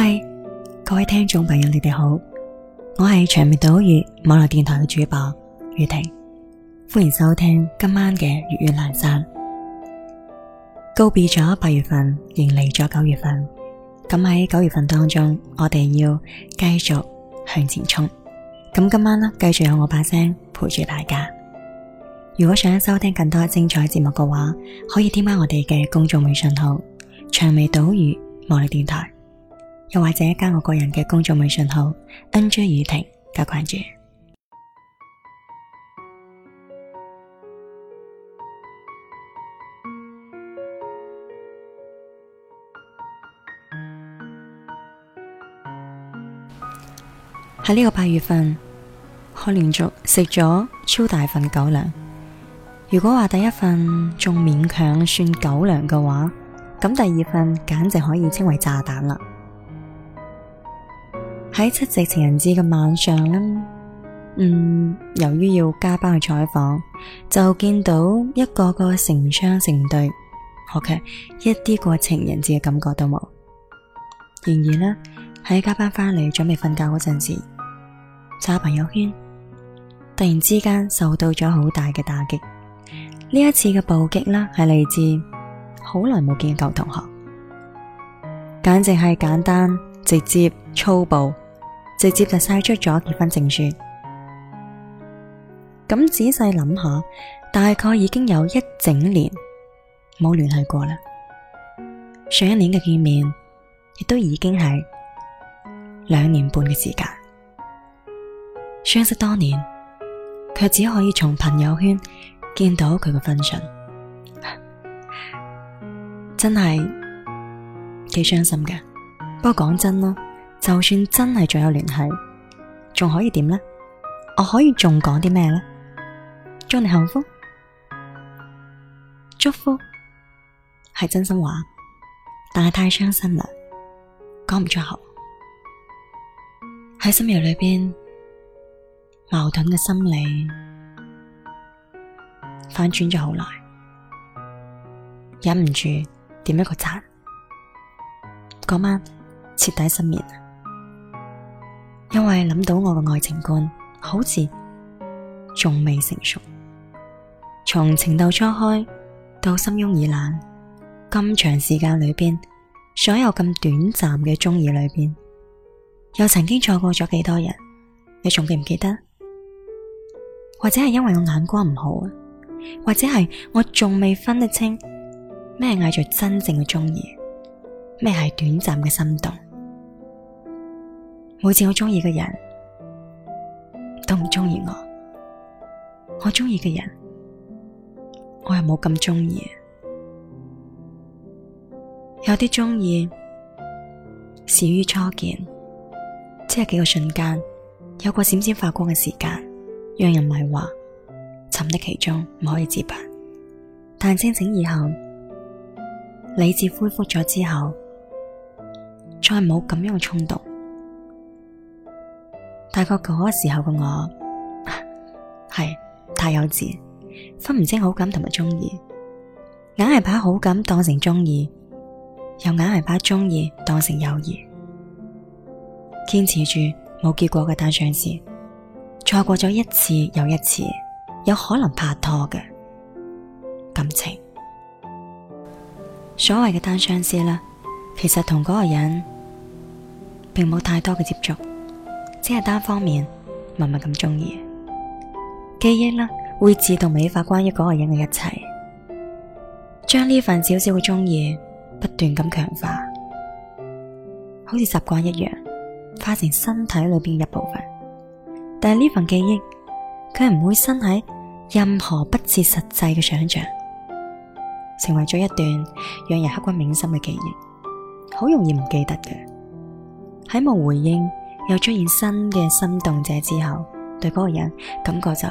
嗨，hey, 各位聽眾朋友，你哋好，我係長尾島嶼網絡電台嘅主播雨婷，歡迎收聽今晚嘅粵語闌珊。告別咗八月份，迎嚟咗九月份。咁喺九月份當中，我哋要繼續向前衝。咁今晚呢，繼續有我把聲陪住大家。如果想收聽更多精彩節目嘅話，可以添加我哋嘅公眾微信號長尾島嶼網絡電台。又或者加我個人嘅工作微信號 N J 雨婷加關注。喺呢 個八月份，我連續食咗超大份狗糧。如果話第一份仲勉強算狗糧嘅話，咁第二份簡直可以稱為炸彈啦！喺七夕情人節嘅晚上咧，嗯，由於要加班去採訪，就見到一個個成雙成對，我、okay，卻一啲過情人節嘅感覺都冇。然而呢，喺加班翻嚟準備瞓覺嗰陣時，刷朋友圈，突然之間受到咗好大嘅打擊。呢一次嘅暴擊啦，係嚟自好耐冇見嘅舊同學，簡直係簡單、直接、粗暴。直接就晒出咗結婚證書，咁仔細諗下，大概已經有一整年冇聯繫過啦。上一年嘅見面亦都已經係兩年半嘅時間，相識多年，卻只可以從朋友圈見到佢嘅婚訊，真係幾傷心㗎。不過講真囉。就算真係仲有聯繫，仲可以點呢？我可以仲講啲咩呢？祝你幸福，祝福係真心話，但係太傷心啦，講唔出口。喺深夜裏邊，矛盾嘅心理反轉咗好耐，忍唔住點一個讚。嗰晚徹底失眠。因為諗到我嘅愛情觀好似仲未成熟，從情竇初開到心慵意懶，咁長時間裏邊，所有咁短暫嘅鍾意裏邊，又曾經錯過咗幾多人？你仲記唔記得？或者係因為我眼光唔好啊？或者係我仲未分得清咩嗌做真正嘅鍾意，咩係短暫嘅心動？每次我中意嘅人都唔中意我，我中意嘅人我又冇咁中意。有啲中意始於初見，即係幾個瞬間，有個閃閃發光嘅時間，讓人迷惑，沉溺其中唔可以自拔。但清醒以後，理智恢復咗之後，再冇咁樣嘅衝動。大概嗰個時候嘅我係太幼稚，分唔清好感同埋中意，硬係把好感當成中意，又硬係把中意當成友誼，堅持住冇結果嘅單相思，錯過咗一次又一次有可能拍拖嘅感情。所謂嘅單相思呢，其實同嗰個人並冇太多嘅接觸。只係單方面默默咁鍾意，記憶咧會自動美化關於嗰個人嘅一切，將呢份少少嘅鍾意不斷咁強化，好似習慣一樣，化成身體裏邊嘅一部分。但係呢份記憶，佢係唔會身喺任何不切實際嘅想象，成為咗一段讓人刻骨銘心嘅記憶，好容易唔記得嘅。喺冇回應。又出現新嘅心動者之後，對嗰個人感覺就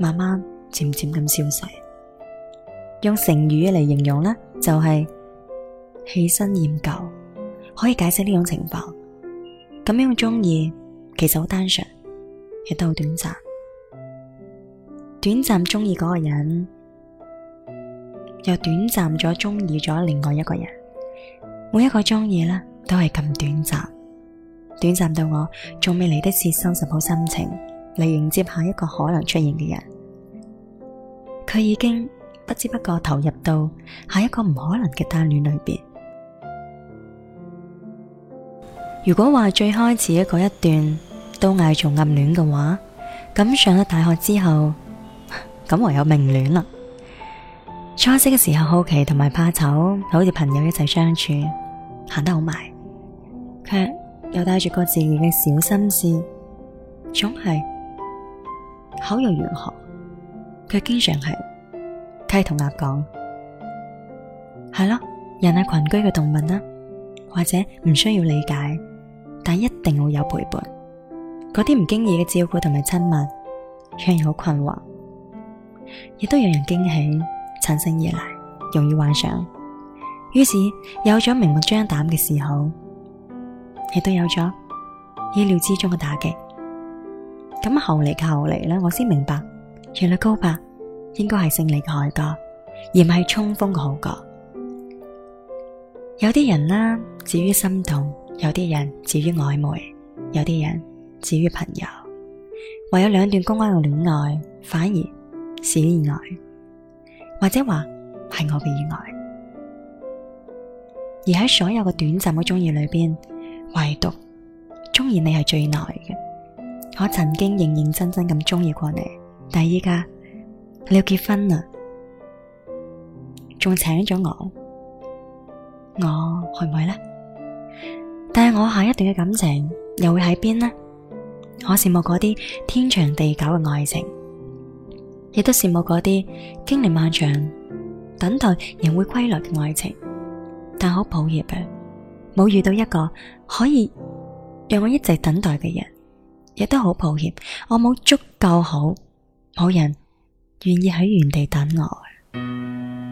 慢慢漸漸咁消逝。用成語嚟形容呢，就係、是、喜新厭舊，可以解釋呢種情況。咁樣中意其實好單純，亦都好短暫。短暫中意嗰個人，又短暫咗中意咗另外一個人。每一個中意呢，都係咁短暫。短暫到我仲未嚟得切收拾好心情嚟迎接下一個可能出現嘅人，佢已經不知不覺投入到下一個唔可能嘅單戀裏邊。如果話最開始嗰一段都嗌做暗戀嘅話，咁上咗大學之後，咁唯有明戀啦。初識嘅時候好奇同埋怕醜，好似朋友一齊相處行得好埋，卻。又帶住個自然嘅小心思，總係口又如何，佢經常係雞同鴨講，係咯、嗯，人係群居嘅動物啦，或者唔需要理解，但一定會有陪伴，嗰啲唔經意嘅照顧同埋親密，讓人好困惑，亦都讓人驚喜產生依賴，容易幻想，於是有咗明目張膽嘅時候。亦都有咗意料之中嘅打擊，咁後嚟嘅後嚟咧，我先明白，原來告白應該係勝利嘅號角，而唔係衝鋒嘅號角。有啲人啦，止於心動；有啲人止於曖昧；有啲人止於朋友。唯有兩段公開嘅戀愛，反而是意外，或者話係我嘅意外。而喺所有嘅短暫嘅中意裏邊。唯獨中意你係最耐嘅，我曾經認認真真咁中意過你，但係依家你要結婚啦，仲請咗我，我去唔去呢？但係我下一段嘅感情又會喺邊呢？我羨慕嗰啲天長地久嘅愛情，亦都羨慕嗰啲經歷漫長等待仍會歸來嘅愛情，但好抱歉。冇遇到一個可以讓我一直等待嘅人，亦都好抱歉，我冇足夠好，冇人願意喺原地等我。